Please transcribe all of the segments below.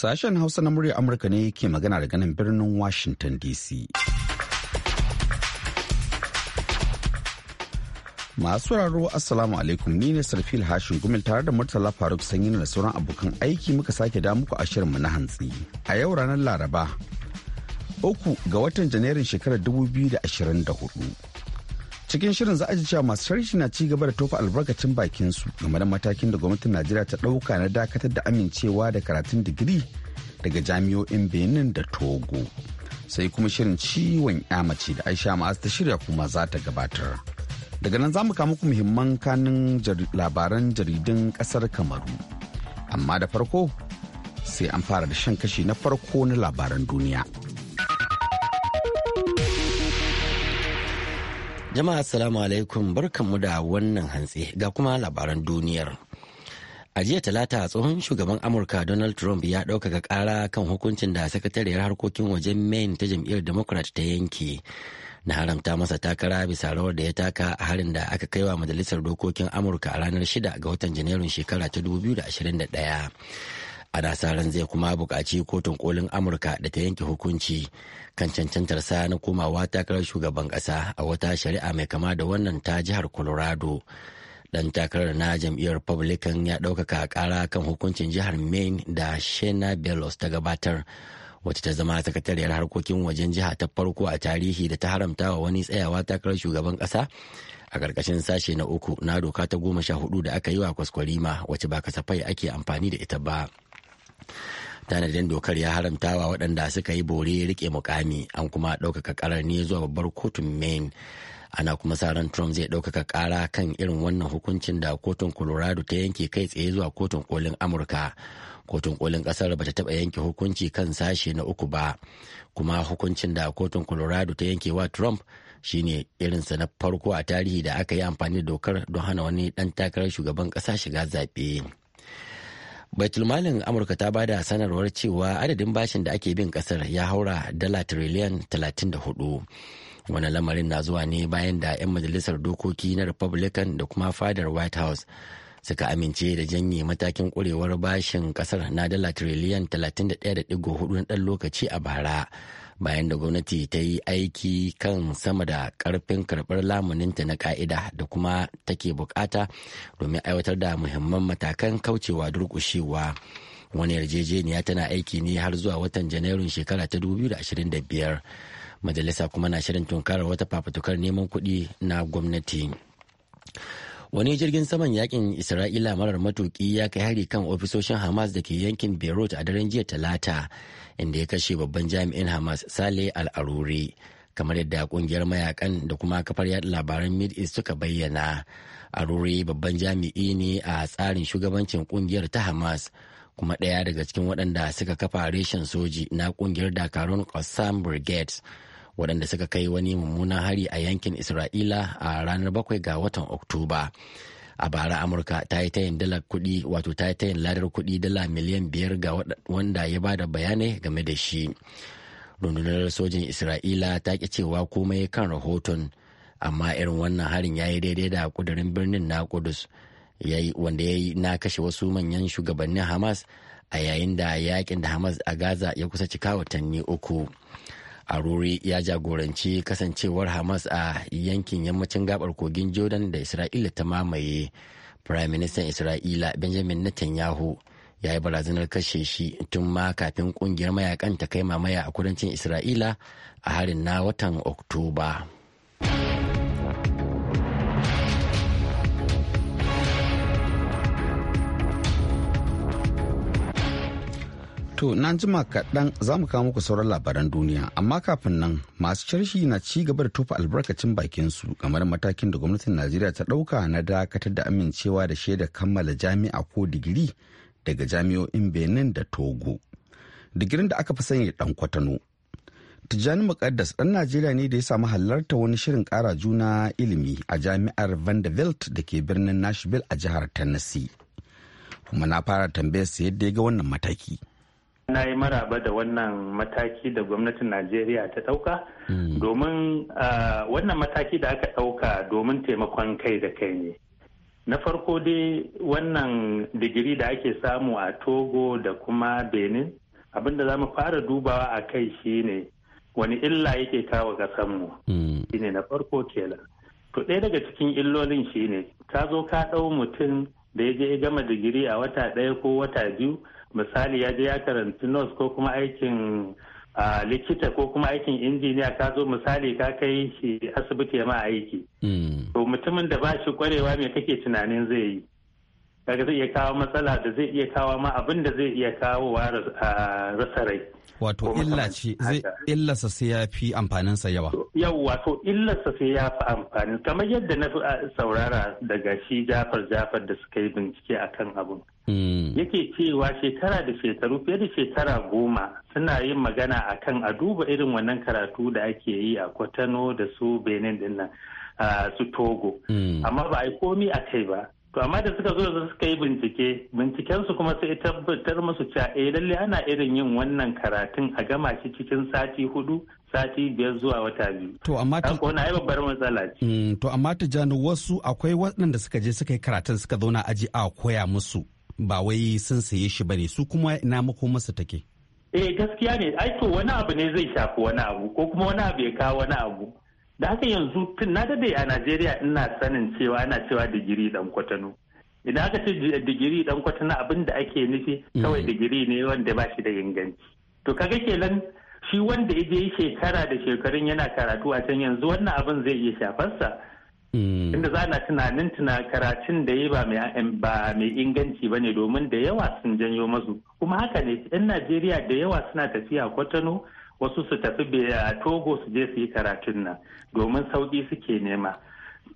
Sashen Hausa na murya Amurka ne ke magana daga nan birnin Washington DC. Masu raro Assalamu alaikum ni ne Sarfil Hashin Gumil tare da Murtala Faruk Sanyi da sauran abokan aiki muka sake da muku mu na hantsi. A yau ranar Laraba, uku ga watan Janairun shekarar 2024. cikin shirin za a ji cewa masu sharhi na ci gaba da tofa albarkacin bakin su game da matakin da gwamnatin najeriya ta ɗauka na dakatar da amincewa da karatun digiri daga jami'o'in benin da togo sai kuma shirin ciwon mace da aisha ma'az ta shirya kuma za ta gabatar daga nan za mu kama muku muhimman kanin labaran jaridun kasar kamaru amma da farko sai an fara da shan kashi na farko na labaran duniya. Jama'a assalamu alaikum barkanmu da wannan hantsi ga kuma labaran duniyar. A jiya talata tsohon shugaban Amurka Donald Trump ya ɗaukaka ƙara kan hukuncin da sakatariyar harkokin wajen Maine ta jam'iyyar Democrat ta yanke. Na haramta masa takara bisa rawar da ya taka a harin da aka kai wa majalisar dokokin Amurka a ranar 6 ga watan Janairun shekara ta 2021. A sa ran zai kuma buƙaci kotun kolin amurka da ta yanke hukunci kan cancantar sa na komawa takarar shugaban ƙasa a wata shari'a mai kama da wannan ta jihar colorado dan takarar na jam'iyyar republican ya ɗaukaka ƙara kan hukuncin jihar maine da shena bellos ta gabatar wacce ta zama sakatariyar harkokin wajen jiha ta farko a tarihi da ta haramta wa wani tsayawa takarar shugaban ƙasa a ƙarƙashin sashe na uku na doka ta goma sha hudu da aka yi wa kwaskwarima wacce ba kasafai ake amfani da ita ba. tanadin dokar ya haramta wa waɗanda suka yi bore rike mukami an kuma ɗaukaka karar ne zuwa babbar kotun maine ana kuma sa ran trump zai ɗaukaka kara kan irin wannan hukuncin da kotun colorado ta yanke kai tsaye zuwa kotun kolin amurka kotun kolin kasar ta taɓa yanke hukunci kan sashe na uku ba kuma hukuncin da kotun colorado ta yanke wa trump shine irinsa na farko a tarihi da aka yi amfani da dokar don hana wani ɗan takarar shugaban ƙasa shiga zaɓe. baitulmalin amurka ta bada sanarwar cewa adadin bashin da ake bin kasar ya haura dala tiriliyan 34 wani lamarin na zuwa ne bayan da 'yan majalisar dokoki na republican da kuma fadar white house suka amince da janye matakin kurewar bashin kasar na dala tiriliyan 31.4 na ɗan lokaci a bara bayan da gwamnati ta yi aiki kan sama da karfin karbar lamuninta na ka'ida da kuma take bukata domin aiwatar da muhimman matakan kaucewa durkushewa wani yarjejeniya tana aiki ne har zuwa watan janairun shekara ta 2025 majalisa kuma na shirin tunkarar wata fafutukar neman kuɗi na gwamnati wani jirgin saman yakin isra'ila marar matuki ya kai hari kan ofisoshin hamas da ke yankin beirut a daren jiya talata inda ya kashe babban jami'in hamas Sale al-aruri kamar yadda kungiyar mayakan da kuma kafar yada labaran mid east suka bayyana aruri babban jami'i ne a tsarin shugabancin kungiyar ta hamas kuma ɗaya daga cikin waɗanda suka kafa reshen soji na kungiyar dakarun qassam brigades waɗanda suka kai wani mummunan hari a yankin isra'ila a ranar bakwai ga watan oktoba a bara amurka ta yi tayin dalar kuɗi wato ta yi tayin ladar kuɗi dala miliyan biyar ga wanda ya ba da bayanai game da shi rundunar sojin isra'ila ta ki cewa komai kan rahoton amma irin wannan harin ya yi daidai da kudurin birnin na kudus wanda ya yi na kashe wasu manyan shugabannin hamas a yayin da yakin da hamas a gaza ya kusa cika watanni uku arori ya jagoranci kasancewar hamas a yankin yammacin gabar kogin jordan da isra'ila ta mamaye prime minister isra'ila benjamin netanyahu ya yi barazanar kashe shi tun ma kafin kungiyar mayakan ta kai mamaya a kudancin isra'ila a harin na watan oktoba To, na jima kaɗan za mu kawo muku sauran labaran duniya, amma kafin nan masu sharshi na ci gaba da tofa albarkacin bakinsu game da matakin da gwamnatin Najeriya ta ɗauka na dakatar da amincewa da shaida kammala jami'a ko digiri daga jami'o'in Benin da Togo. Digirin da aka fi sanya ɗan kwatano. Tijjani Muƙaddas ɗan Najeriya ne da ya samu halarta wani shirin ƙara juna ilimi a jami'ar Vanderbilt da ke birnin Nashville a jihar Tennessee. Kuma na fara tambayar sa yadda ya ga wannan mataki. na yi maraba da wannan mataki da gwamnatin najeriya ta ɗauka hmm. domin wannan mataki da aka ɗauka domin taimakon kai da kai ne na farko dai wannan digiri da ake samu a togo da kuma benin abinda za mu fara dubawa a kai shine wani illa yake kawo kasanmu hmm. shine na farko kenan to ɗaya daga cikin illolin shine ta zo ka ɗau mutum da ya je ya gama digiri a wata ɗaya ko wata biyu misali ya je ya karanci nurse ko kuma aikin likita ko kuma aikin injiniya ka zo misali ka kai shi asibiti ya ma aiki hmm. to mutumin da ba shi kwarewa mai kake tunanin zai yi kaga zai iya kawo matsala da zai iya kawo ma abin da zai iya kawo wa rasa rai wato illa ce zai illarsa sai ya fi amfanin sa yawa wato illa illarsa sai ya fi amfanin kamar yadda na saurara daga shi jafar jafar da suka yi bincike akan abu. Hmm. yake cewa shekara da shekaru fiye da shekara goma suna yin magana a kan a duba irin wannan karatu da ake yi a kwatano da su benin nan su togo hmm. amma ba a yi komi a kai ba to amma da suka zo da suka yi bincike binciken su kuma sai tabbatar musu cewa eh lalle ana irin yin wannan karatun a gama shi cikin sati hudu sati biyar zuwa wata biyu to amma ta wani ai babbar matsala ce hmm, to amma ta jani wasu akwai waɗanda suka je suka yi karatun suka zauna aji a koya musu ba wai sun saye shi ba ne su kuma ina mako masa take eh gaskiya ne ai wani abu ne zai shafi wani abu ko kuma wani abu ya kawo wani abu da haka yanzu tun na dade a Najeriya ina sanin cewa ana cewa digiri dan kwatano idan aka ce digiri dan kwatano abin da ake nufi mm. kawai digiri ne wanda ba shi da inganci to kaga kenan shi wanda ya je shekara da shekarun yana karatu a can yanzu wannan abin zai iya shafarsa Mm. Inda za na tunanin tuna karatun da yi ba mai inganci ba ne domin da yawa sun janyo masu. Kuma haka ne 'yan Najeriya da yawa suna tafiya Kwatano wasu su tafi a Togo su je su yi karatun nan domin sauƙi suke nema.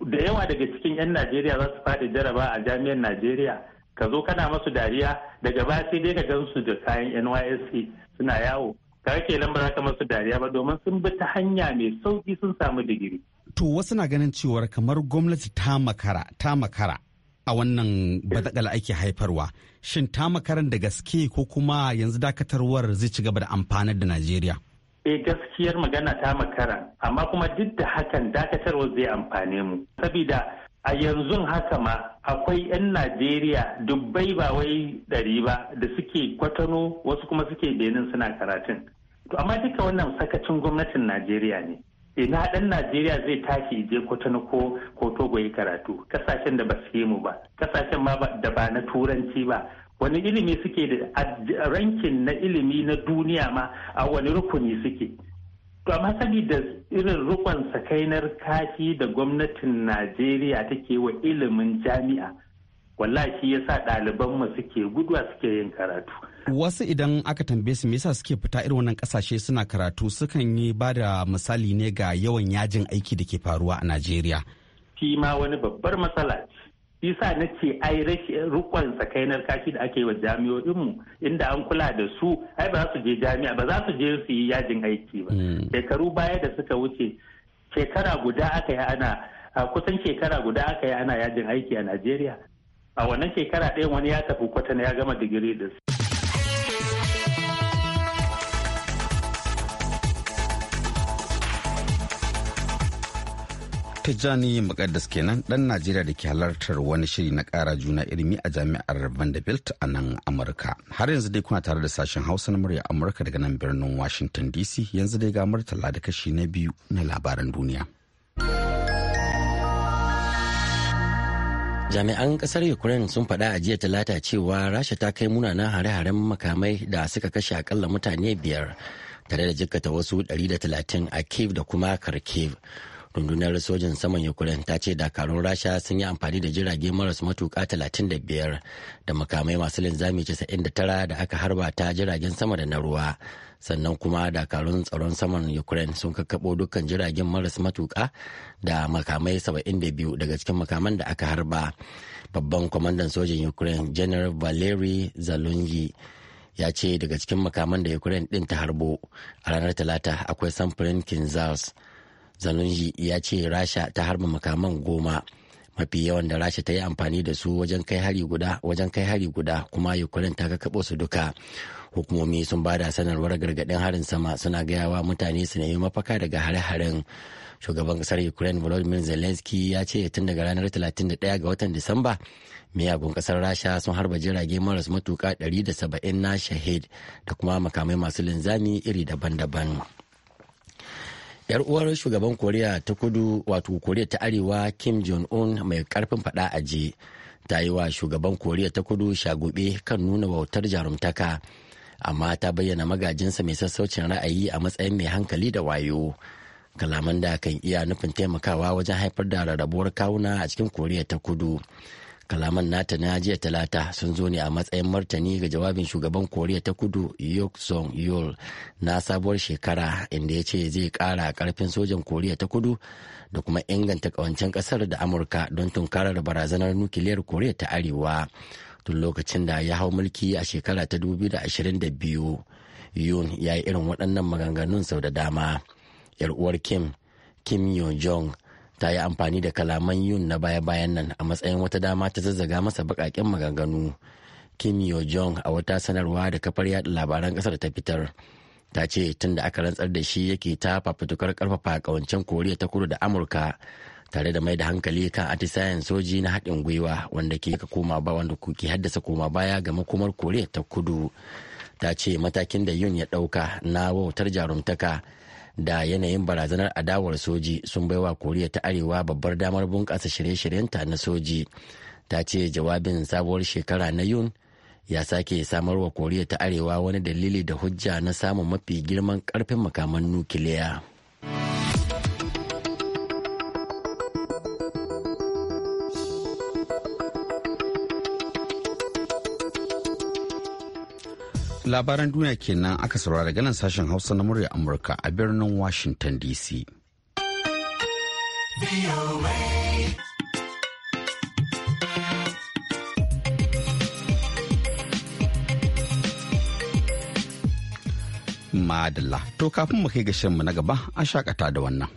Da yawa daga cikin 'yan Najeriya za su faɗi jaraba a jami'ar Najeriya. ka zo kana masu dariya daga baya sai dai ka gansu da kayan nysc suna yawo ka ke lambar ka masu dariya ba domin sun bi ta hanya mai sauki sun samu digiri to wasu na ganin cewar kamar gwamnati ta makara ta makara a wannan badakala ake haifarwa shin ta makaran da gaske ko kuma yanzu dakatarwar zai ci gaba da amfanar da najeriya eh gaskiyar magana ta makara amma kuma duk da hakan dakatarwar zai amfane mu saboda a yanzu haka ma akwai 'yan najeriya dubbai ba wai ɗari ba da suke kwatano wasu kuma suke benin suna karatun to amma duka wannan sakacin gwamnatin najeriya ne ina dan najeriya zai tashi je kwatano ko ko togo yi karatu kasashen da ba su mu ba kasashen ma da ba na turanci ba wani ilimi suke da rankin na ilimi na duniya ma a wani rukuni suke to amma saboda irin rukun sakainar kashi da gwamnatin najeriya take wa ilimin jami'a wallahi shi yasa ɗalibanmu suke guduwa suke yin karatu wasu idan aka tambaye su me yasa suke fita irin wannan kasashe suna karatu sukan yi ba da misali ne ga yawan yajin aiki da ke faruwa a najeriya shi ma wani babbar matsala shi sa na ce ai rukon tsakainar kashi da ake yi wa jami'o'inmu inda an kula da su ai ba za su je jami'a ba za su je su yi yajin aiki ba hmm. shekaru baya da suka wuce shekara guda aka yi ana kusan shekara guda aka yi ana yajin aiki a najeriya a wannan shekara ɗayan wani ya tafi kwatana ya gama digiri da su Tijjani Makaddas kenan ɗan Najeriya da ke halartar wani shiri na ƙara juna ilimi a jami'ar Vanderbilt a nan Amurka. Har yanzu dai kuna tare da sashen Hausa na murya Amurka daga nan birnin Washington DC yanzu dai ga murtala da kashi na biyu na labaran duniya. Jami'an ƙasar Ukraine sun faɗa a jiya talata cewa Rasha ta kai munanan hare-haren makamai da suka kashe akalla mutane biyar tare da jikkata wasu 130 a Kiev da kuma Kharkiv. rundunar sojin saman ukraine ta ce dakarun rasha sun yi amfani da jirage maras matuka 35 da makamai masu linzami 99 da aka harba ta jiragen sama da na ruwa sannan kuma dakarun tsaron saman ukraine sun kakkabo dukkan jiragen maras matuka da makamai 72 daga cikin makaman da aka harba babban kwamandan sojin ukraine general valery zalungi ya ce daga cikin makaman da ukraine din ta harbo a ranar talata akwai samfurin kinzals zalunji ya ce rasha ta harba makaman goma mafi yawan da rasha ta yi amfani da su wajen kai hari guda wajen kai hari guda kuma ukraine ta kabo su duka hukumomi sun ba da sanarwar gargaɗin harin sama suna gaya wa mutane su nemi mafaka daga hare-haren shugaban kasar ukraine volodymyr zelensky ya ce tun daga ranar 31 ga watan disamba miyagun kasar rasha sun harba jirage maras matuka 170 na shahid da kuma makamai masu linzami iri daban-daban. yar uwar shugaban koriya ta kudu wato koriya ta arewa kim jong-un mai karfin fada a je ta yi wa shugaban koriya ta kudu shagube kan nuna wautar jarumtaka amma ta bayyana magajinsa mai sassaucin ra'ayi a matsayin mai hankali da wayo kalaman da kan iya nufin taimakawa wajen haifar da rarrabuwar kawuna a cikin koriya ta kudu kalaman nata na jiya talata sun zo ne a matsayin martani ga jawabin shugaban koriya ta kudu yok song yol na sabuwar shekara inda ya ce zai kara karfin sojan koriya ta kudu da kuma inganta kawancen kasar da amurka don tunkarar barazanar nukiliyar koriya ta arewa tun lokacin da ya hau mulki a shekara ta 2022 yun ya yi irin waɗannan maganganun sau da dama 'yar uwar kim kim yo jong ta yi amfani da kalaman yun na baya-bayan nan a matsayin wata dama ta zazzaga masa baƙaƙen maganganu kim yo jong a wata sanarwa da kafar yada labaran ƙasar ta fitar ta ce tun da aka rantsar da shi yake ta fafutukar karfafa kawancen koriya ta kudu da amurka tare da mai da hankali kan atisayen soji na haɗin gwiwa wanda ke koma ba wanda ke haddasa koma baya ga makomar koriya ta kudu ta ce matakin da yun ya ɗauka na wautar jarumtaka da yanayin barazanar adawar soji sun baiwa koriya ta arewa babbar damar bunƙasa shirye-shiryenta na soji ta ce jawabin sabuwar shekara na yun ya sake samarwa koriya ta arewa wani dalili da hujja na samun mafi girman karfin makaman nukiliya. labaran duniya kenan aka saurara daga nan sashen hausa na murya amurka a birnin washington dc madalla to kafin mu kai ga mu na gaba a shakata da wannan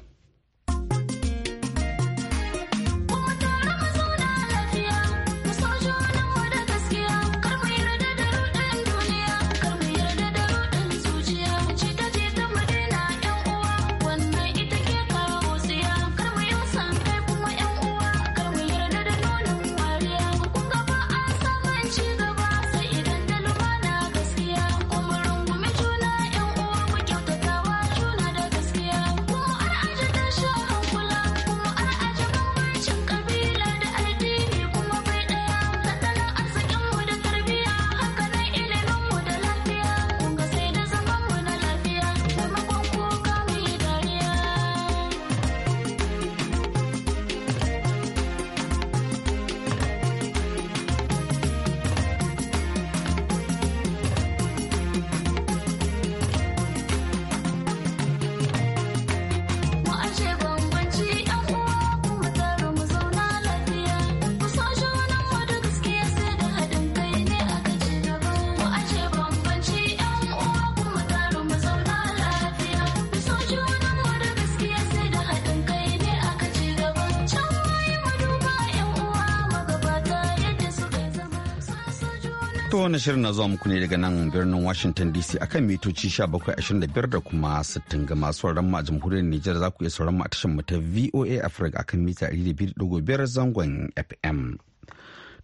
wannan shirin na zuwa muku ne daga nan birnin Washington DC akan mitoci 1725 da kuma 60 ga masu sauran ma jamhuriyar Nijar za ku iya sauran ma tashar mu ta VOA Africa akan mita 200.5 zangon FM.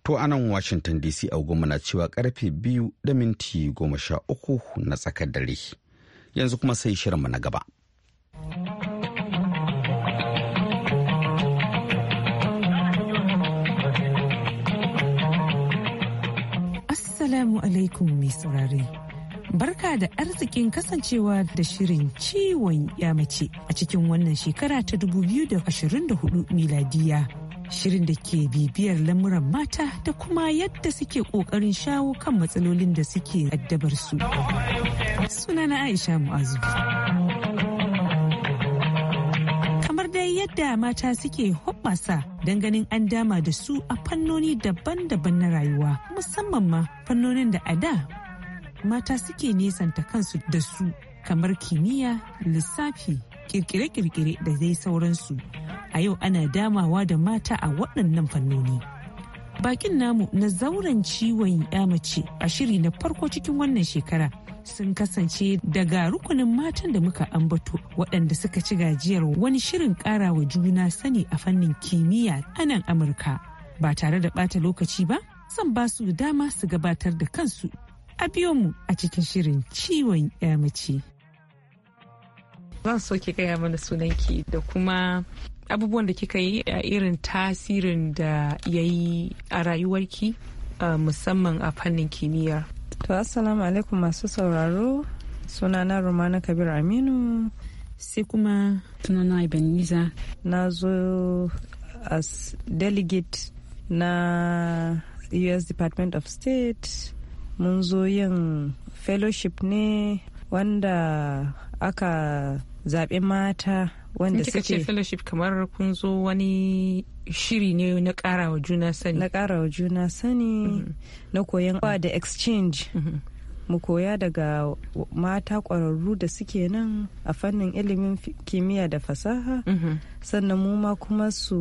To anan Washington DC a goma na cewa karfe biyu da minti goma na tsakar dare. Yanzu kuma sai shirin mu na gaba. Assalamu alaikum mai saurare. Barka da arzikin kasancewa da shirin ciwon mace a cikin wannan shekara ta 2024 miladiya. Shirin da ke bibiyar lamuran mata da kuma yadda suke kokarin shawo kan matsalolin da suke addabar su. Sunana Aisha Mu'azu. yadda mata suke hoɓɓasa don ganin an dama da su a fannoni daban-daban na rayuwa musamman ma fannonin da a da mata suke nesanta kansu da su kamar kimiyya lissafi kirkire-kirkire da zai sauransu a yau ana damawa da mata a waɗannan fannoni bakin namu na zauren ciwon ya mace a shiri na farko cikin wannan shekara sun kasance daga rukunin matan da muka ambato waɗanda suka ci gajiyar wani shirin ƙarawa juna sani a fannin kimiyya a nan Amurka. Ba tare da ɓata lokaci ba, zan ba su dama su gabatar da kansu. A biyo mu a cikin shirin ciwon ya mace. Zan so ki gaya mana sunanki da kuma abubuwan da kika yi a irin tasirin da ya yi a rayuwarki eh, musamman a fannin kimiyya. To assalamu alaikum masu sauraro sunana Rumana Kabir Aminu. Sai kuma sunana Ibaniza. Na zo as delegate na US Department of State mun zo yin fellowship ne wanda aka zaɓi mata wanda suke ce fellowship kamar kun zo wani shiri ne na karawa juna sani na karawa juna sani mm-hmm. na koyan ba da exchange mm-hmm. mu koya daga mata kwararru da suke nan a fannin ilimin kimiyya da fasaha mm-hmm. sannan mu ma kuma su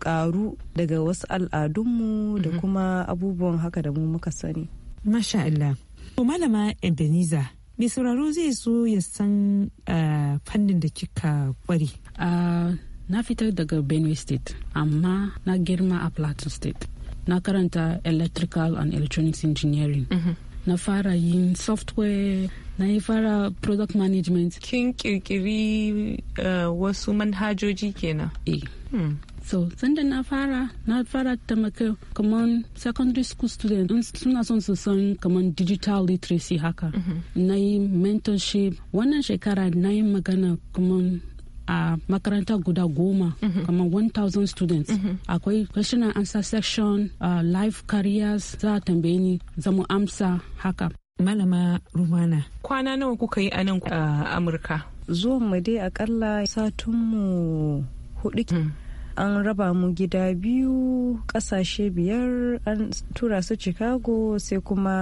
karu daga wasu al'adunmu da kuma abubuwan haka da mu muka sani. Masha Allah. Malama Ebenezer mai sauraro zai so ya san eh, fannin da kika kware ah, na fitar daga benue state amma na girma a plateau state na karanta electrical and electronics engineering mhm. na fara yin software na yi fara product management kin kirkiri eh, wasu manhajoji kenan eh hmm. so sanda na fara na fara taimaka kaman secondary school student suna son su san kaman digital literacy haka mhm. na yi mentorship wannan shekara na yi magana kaman a makaranta guda goma mhm. kamar 1000 students mhm. akwai question and answer section life careers za a tambaye ni zamu amsa haka malama rumana kwana nawa kuka yi a nan a amurka zuwan mu dai akalla satunmu hudu an raba mu gida biyu kasashe biyar an tura su chicago sai kuma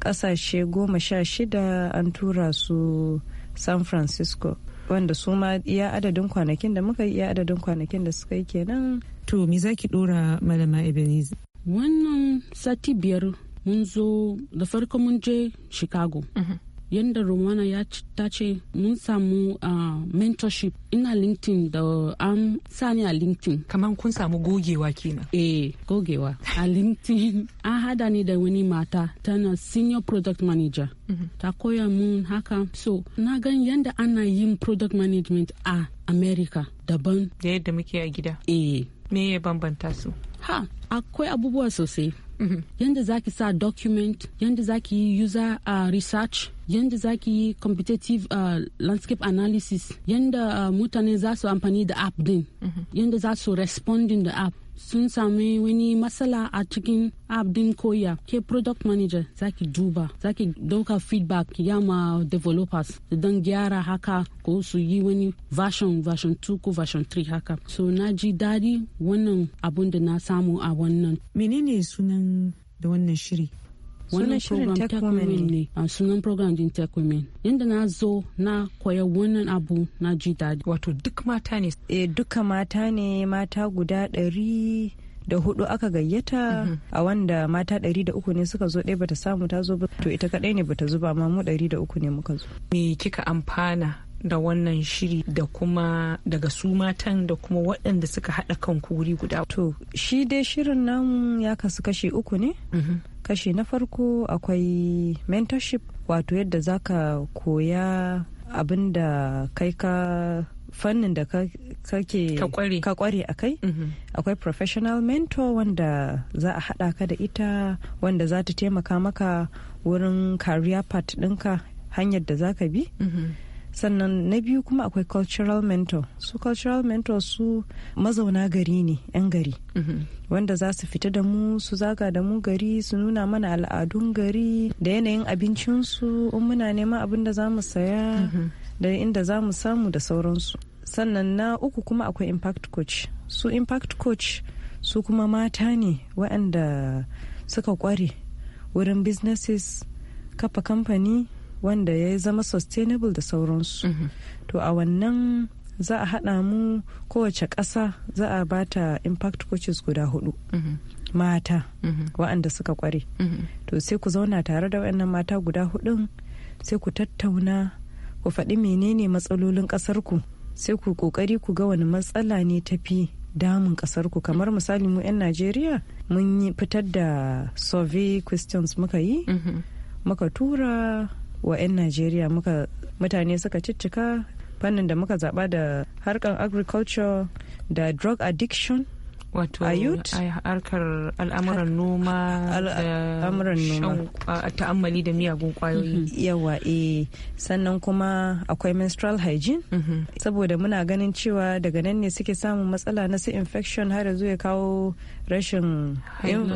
kasashe goma sha shida an tura su san francisco wanda su ma iya adadin kwanakin da muka yi iya adadin kwanakin da suka yi kenan to me za ki dora malama ebenezi wannan sati biyar mun zo da farko mun je chicago mhm. yadda romana ya ta ce mun samu ah, mentorship ina linkedin da an sani a linkedin kamar kun samu gogewa kenan eh gogewa a linkedin an hada ni da wani mata tana senior product manager mhm. ta koya mun haka so na gan yadda ana yin product management a america daban da yadda muke a gida eh me ya bambanta su ha akwai abubuwa sosai Mm-hmm. yanda za ki sa document yanda za ki yi user uh, research yanda za ki yi competitive uh, landscape analysis yanda uh, mutane za su amfani da app din mm-hmm. yanda za su responding da app sun sami wani matsala a cikin app din koya ke product manager zaki duba zaki dauka feedback ya yama developers don gyara haka ko su yi wani version version 2 ko version 3 haka so na ji daɗi wannan abun da na samu a wannan menene sunan da wannan shiri wannan shirin tech women ne a sunan program din tech women yadda na zo na koya wannan abu na ji daɗi wato duk mata ne eh duka mata ne mata guda ɗari da hudu aka gayyata mhm. a wanda mata ɗari da uku ne suka zo ɗaya bata samu ta zo ba to ita kaɗai ne bata zuba ma mu ɗari da uku ne muka zo me kika amfana da wannan shiri da kuma daga su matan da kuma waɗanda suka haɗa kan wuri guda. To, shi dai shirin nan ya kasu kashi uku ne? Mhm. kashi na farko akwai mentorship wato yadda za ka koya abin da kai ka fannin da kake ka kware a kai mhm. akwai professional mentor wanda za a haɗa ka da ita wanda za ta taimaka maka wurin career path ɗinka hanyar da za ka bi mhm. sannan na biyu kuma akwai cultural mentor su cultural mentor su mazauna gari ne 'yan gari mhm. wanda za su fita da mu su zaga da mu gari su nuna mana al'adun gari da yanayin abincinsu in muna nema abin da za mu saya mhm. da inda za mu samu da sauransu sannan na uku kuma akwai impact coach su impact coach su kuma mata ne waɗanda suka kware wurin businesses kafa kamfani wanda ya zama sustainable da sauransu mhm. to a wannan za a haɗa mu kowace ƙasa za a bata impact coaches guda hudu mhm. mata mhm. waɗanda suka kware to sai ku zauna tare da waɗannan mata guda hudun sai ku tattauna ku faɗi menene matsalolin ƙasarku sai ku ƙoƙari ku ga wani matsala ne tafi damun ƙasarku kamar misali mu 'yan najeriya mun fitar da survey questions muka yi muka tura wa 'yan najeriya mutane suka ciccika fannin da muka zaba da harkar agriculture da drug addiction wato harkar al'amuran noma al'amuran noma ta'ammali da miyagun kwayoyi mhm. yawa eh sannan kuma akwai menstrual hygiene mhm. saboda muna ganin cewa daga nan ne suke samun matsala na su infection har zuwa kawo rashin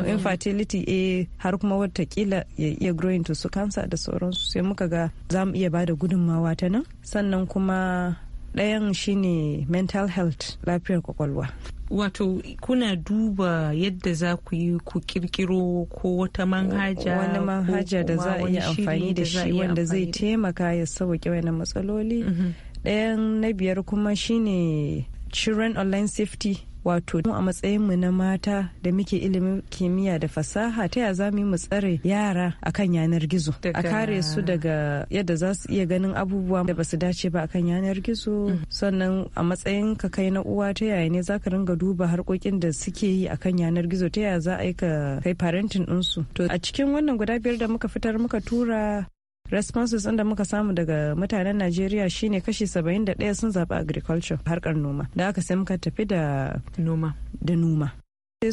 infertility eh har kuma watakila ya iya growing to su cancer da sauransu sai muka ga za mu iya bada gudunmawa ta nan sannan kuma ɗayan shine mental health lafiyar kwakwalwa wato kuna duba yadda za ku yi ku kirkiro ko wata manhaja wani manhaja da za a yi amfani da shi wanda zai taimaka ya sauke wani matsaloli mm-hmm. ɗayan na biyar kuma shine children online safety wato a matsayin mu na mata da muke ilimin kimiyya da fasaha ta ya za mu tsare yara akan yanar gizo a kare su daga yadda za su iya ganin abubuwa da ba su dace ba akan yanar gizo mm. sannan a matsayin ka kai na uwa ta yaya ne za ka ringa duba harkokin da suke yi akan yanar gizo ta yaya za a yi ka kai parenting ɗinsu to a cikin wannan guda biyar da muka fitar muka tura responses da muka samu daga mutanen najeriya shine kashi 71 sun zaɓi agriculture harkar noma da aka sai muka tafi da noma da noma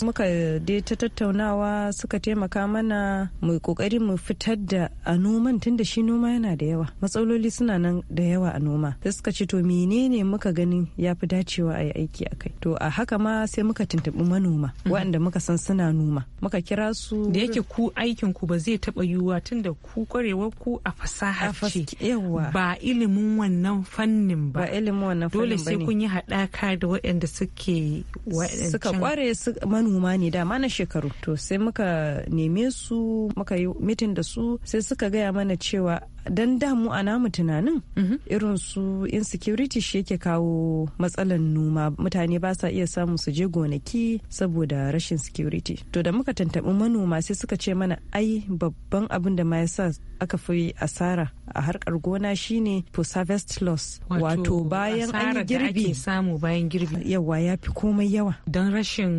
muka dai ta tattaunawa suka taimaka mana mu kokari mu fitar da a noman tunda shi noma yana da yawa matsaloli suna nan da yawa a noma sai suka ce to menene muka ganin ya fi dacewa a yi aiki a kai to a haka ma sai muka tuntuɓi manoma mhm. waɗanda muka san suna noma muka kira su da yake ku aikin ku ba zai taɓa yiwuwa tunda ku kwarewar ku a fasaha ce ba ilimin wannan fannin ba ba ilimin wannan fannin ba dole sai kun yi haɗaka da waɗanda suke waɗancan manoma ne dama na shekaru to sai muka neme su muka yi mitin da su sai suka gaya mana cewa don damu a namu tunanin mhm. irin su insecurity shi yake kawo matsalan noma mutane ba sa iya samu su je gonaki saboda rashin security to da muka tantabi manoma sai suka ce mana ai babban abin da ma ya sa aka fi asara a harkar gona shine post harvest loss wato bayan an yi girbi samu bayan girbi yawa ya fi komai yawa don rashin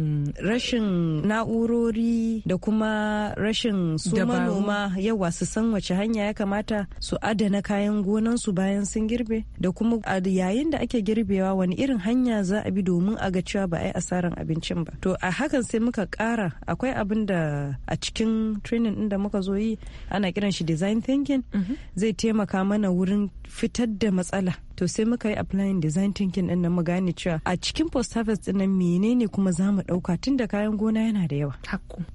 rashin na'urori da kuma rashin su manoma yawa su san wace hanya ya kamata su adana kayan gonansu bayan sun girbe da kuma a yayin da ake girbewa wani irin hanya za a bi domin a ga cewa ba a yi asarar abincin ba to a hakan sai muka kara akwai abin da a cikin training din da muka zo yi ana kiran shi design thinking mm-hmm. zai taimaka mana wurin fitar da matsala to sai muka yi applying design thinking din nan mu gane cewa a cikin post harvest din nan menene kuma za mu dauka tunda kayan gona yana da yawa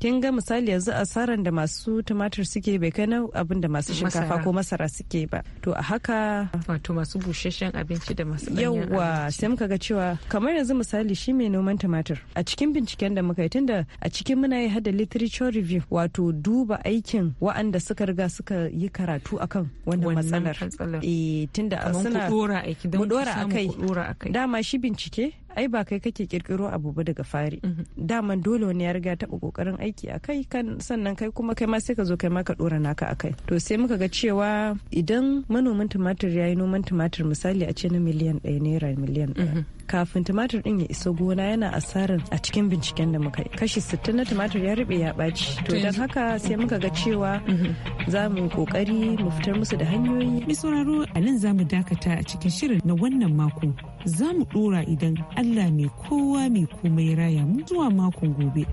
kin ga misali yanzu asaran da masu tumatir suke bai kai na abin da masu shinkafa ko masara suke ba to a haka wato masu busheshen abinci da masu yawa sai muka ga cewa kamar yanzu misali shi mai noman tumatir a cikin binciken da muka yi tunda a cikin muna yi hada literature review wato duba aikin wa'anda suka riga suka yi karatu akan wannan matsalar eh tunda suna dora aiki don mu dora akai dama shi bincike ai ba kai kake kirkiro abu ba daga fari mhm. dama dole wani ya riga taɓa kokarin aiki a kai kan sannan kai kuma kai ma sai ka zo kai ma ka dora naka a kai to sai muka ga cewa idan manomin tumatir ya yi noman tumatir misali a ce na miliyan ɗaya naira miliyan ɗaya mhm. kafin tumatir din ya isa gona yana asarar a cikin binciken da muka yi kashi 60 na tumatir ya rube ya ɓaci to don haka sai muka ga cewa mhm. za mu kokari mu fitar musu da hanyoyi mai sauraro a nan za mu dakata a cikin shirin na wannan mako za mu dora idan allah mai kowa mai komai raya mu zuwa makon gobe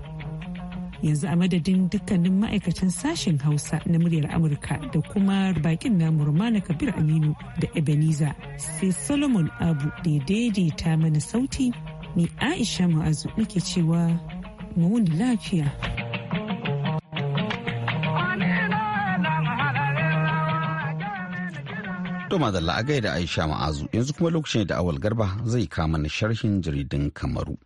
yanzu a madadin dukkanin ma'aikacin sashen hausa na muryar amurka da kuma bakin na murmana kabir aminu da ebeniza sai solomon abu da daidaita mana sauti ni aisha ma'azu nake cewa mu lafiya To da a gaida Aisha Ma'azu yanzu kuma lokacin da awal garba zai kama na sharhin jaridun Kamaru.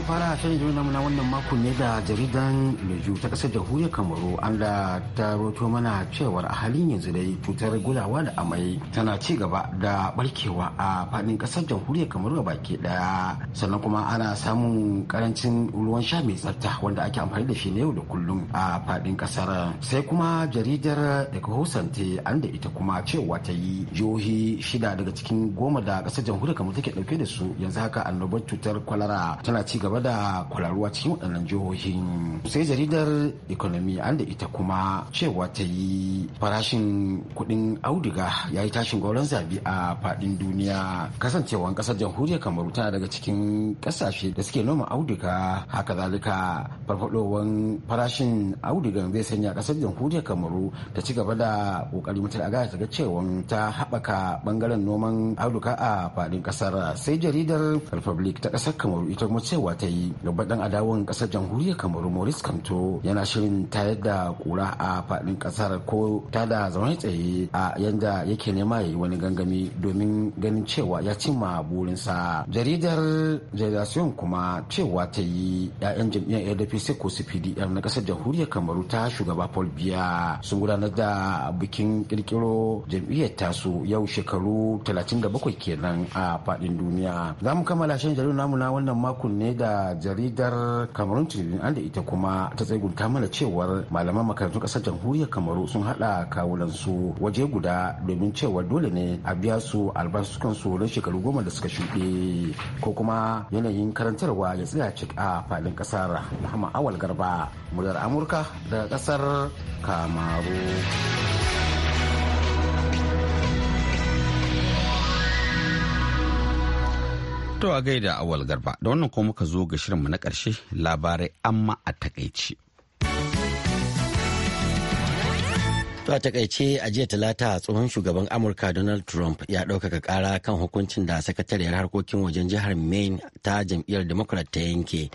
mu fara shirin jirgin namuna na wannan mako ne da jaridan Leju ta kasar jamhuriyar Kamaru an da ta roto mana cewar a halin yanzu dai cutar gudawa da amai tana ci gaba da barkewa a fadin kasar jamhuriyar Kamaru a baki daya sannan kuma ana samun karancin ruwan sha mai tsafta wanda ake amfani da shi na yau da kullum a fadin kasar sai kuma jaridar daga hosanta an da ita kuma cewa ta yi jihohi shida daga cikin goma da kasar jamhuriyar Kamaru take dauke da su yanzu haka annobar cutar kwalara tana ci gaba gaba da kwararruwa cikin waɗannan jihohin sai jaridar economy an da ita kuma cewa ta yi farashin kuɗin auduga ya yi tashin gauran zabi a faɗin duniya kasancewar ƙasar jamhuriyar kamaru tana daga cikin ƙasashe da suke noma auduga haka zalika farfadowan farashin audugan zai sanya ƙasar jamhuriyar kamaru ta ci gaba da ƙoƙari mutum a ta ga cewa ta haɓaka ɓangaren noman auduga a faɗin ƙasar sai jaridar republic ta ƙasar kamaru ita kuma cewa ta yi babban dan adawan kasar jamhuriyar kamaru maurice kamto yana shirin tayar da kura a fadin kasar ko da zaune tsaye a yanda yake nema ya yi wani gangami domin ganin cewa ya cimma burinsa jaridar jaridasiyon kuma cewa ta yi 'ya'yan jam'iyyar ldpc ko cpdm na kasar jamhuriyar kamaru ta shugaba paul biya sun gudanar da bikin kirkiro jam'iyyar tasu yau shekaru 37 kenan a fadin duniya za mu kammala shan jaridar namu na wannan makon ne da jaridar kamarun Tribune an da ita kuma ta tsegunta mana cewar malaman makarantun kasar jamhuriyar Kamaru sun hada kawulansu waje guda domin cewa dole ne a biya su albasukan su na shekaru goma da suka shuɗe ko kuma yanayin karantarwa ya tsaya cik a falin kasar Muhammad Awal Garba muryar Amurka daga kasar Kamaru. To a gaida awal garba da wannan kuma muka zo ga shirinmu na ƙarshe labarai amma a takaici. To a takaice a jiya talata tsohon shugaban Amurka Donald Trump ya ɗaukaka ƙara kan hukuncin da sakatariyar harkokin wajen jihar Maine ta jam'iyyar Democrat ta yanke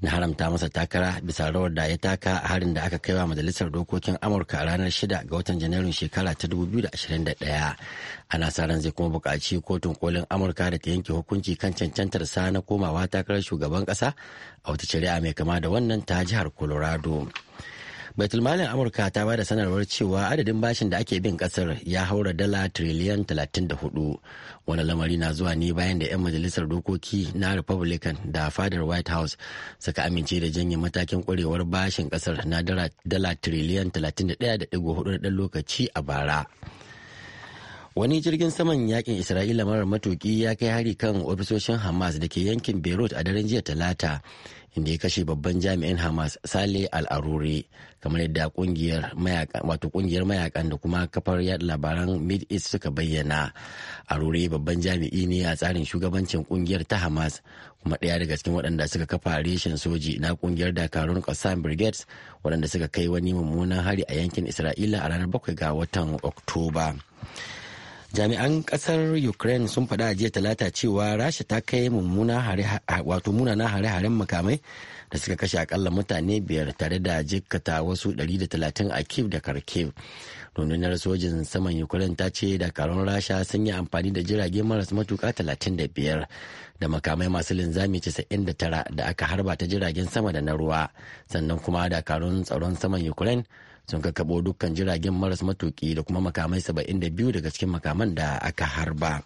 na haramta masa takara bisa rawar da ya taka a harin da aka kai wa majalisar dokokin Amurka a ranar 6 ga watan Janairun shekara ta 2021. Ana sa ran zai kuma buƙaci kotun kolin Amurka da ta yanke hukunci kan cancantar sa na komawa takarar shugaban ƙasa a wata shari'a mai kama da wannan ta jihar Colorado. baitulmalin amurka ta ba da sanarwar cewa adadin bashin da ake bin kasar ya haura dala triliyan 34 wani lamari na zuwa ne bayan da 'yan majalisar dokoki na republican da fadar white house suka amince da janye matakin kwarewar bashin kasar na dala triliyan 31.4 lokaci a bara. wani jirgin saman yakin isra'ila marar matuki ya kai hari kan ofisoshin hamas da ke yankin beirut a daren jiya talata inda ya kashe babban jami'in hamas sale al arure kamar yadda kungiyar mayakan da kuma kafar yada labaran mid east suka bayyana aruri babban jami'i ne a tsarin shugabancin kungiyar ta hamas kuma ɗaya daga cikin waɗanda suka kafa reshen soji na kungiyar dakarun kasa brigades waɗanda suka kai wani mummunan hari a yankin isra'ila a ranar bakwai ga watan oktoba jami'an kasar ukraine sun faɗa a jiya talata cewa rasha ta kai wato munana hare-haren makamai da suka kashe akalla mutane biyar tare da jikkata wasu 130 a kiev da kharkiv rundunar sojin saman ukraine ta ce dakarun rasha sun yi amfani da jirage maras matuka 35 da makamai masu linzami 99 da aka harba ta jiragen sama da na ruwa sannan kuma dakarun tsaron saman ukraine sun kakkaɓo dukkan jiragen maras matuki da kuma makamai saba'in 72 daga cikin makaman da aka harba.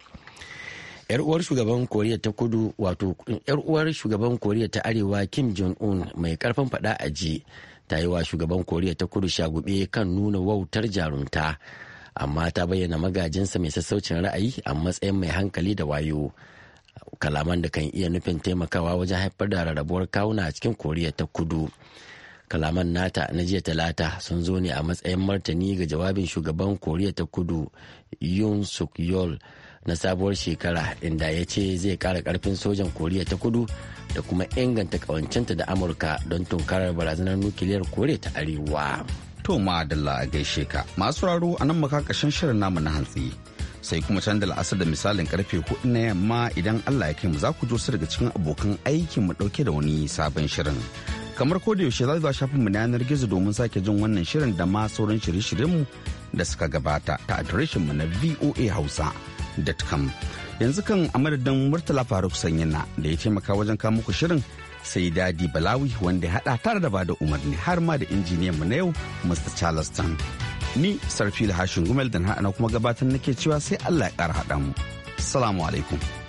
yar uwar shugaban koriya ta kudu wato yar uwar shugaban koriya ta arewa kim jong un mai karfin fada a ji ta yi wa shugaban koriya ta kudu shagube kan nuna wautar jarumta amma ta bayyana magajinsa mai sassaucin ra'ayi a matsayin mai hankali da wayo kalaman da kan iya nufin taimakawa wajen haifar da rarrabuwar kawuna a cikin koriya ta kudu kalaman nata na jiya talata sun zo ne a matsayin martani ga jawabin shugaban koriya ta kudu yun suk yol na sabuwar shekara inda ya ce zai kara karfin sojan koriya ta kudu da kuma inganta kawancinta da amurka don tunkarar barazanar nukiliyar koriya ta arewa to dala a gaishe ka masu raro a nan makakashin shirin namu na hantsi sai kuma can da la'asar da misalin karfe hudu na yamma idan allah ya kai mu za ku jo su daga cikin abokan aikin mu dauke da wani sabon shirin kamar ko da yaushe za zuwa shafin mu na yanar gizo domin sake jin wannan shirin da ma sauran shirye mu da suka gabata ta adireshin mu na hausa voa voahausa.com yanzu kan a madadin murtala faruk sanyina da ya taimaka wajen kawo muku shirin sai dadi balawi wanda ya hada tare da bada umarni har ma da injiniyan mu na yau mr tan ni sarfil hashin gumel da na kuma gabatar nake cewa sai allah ya kara haɗa mu salamu alaikum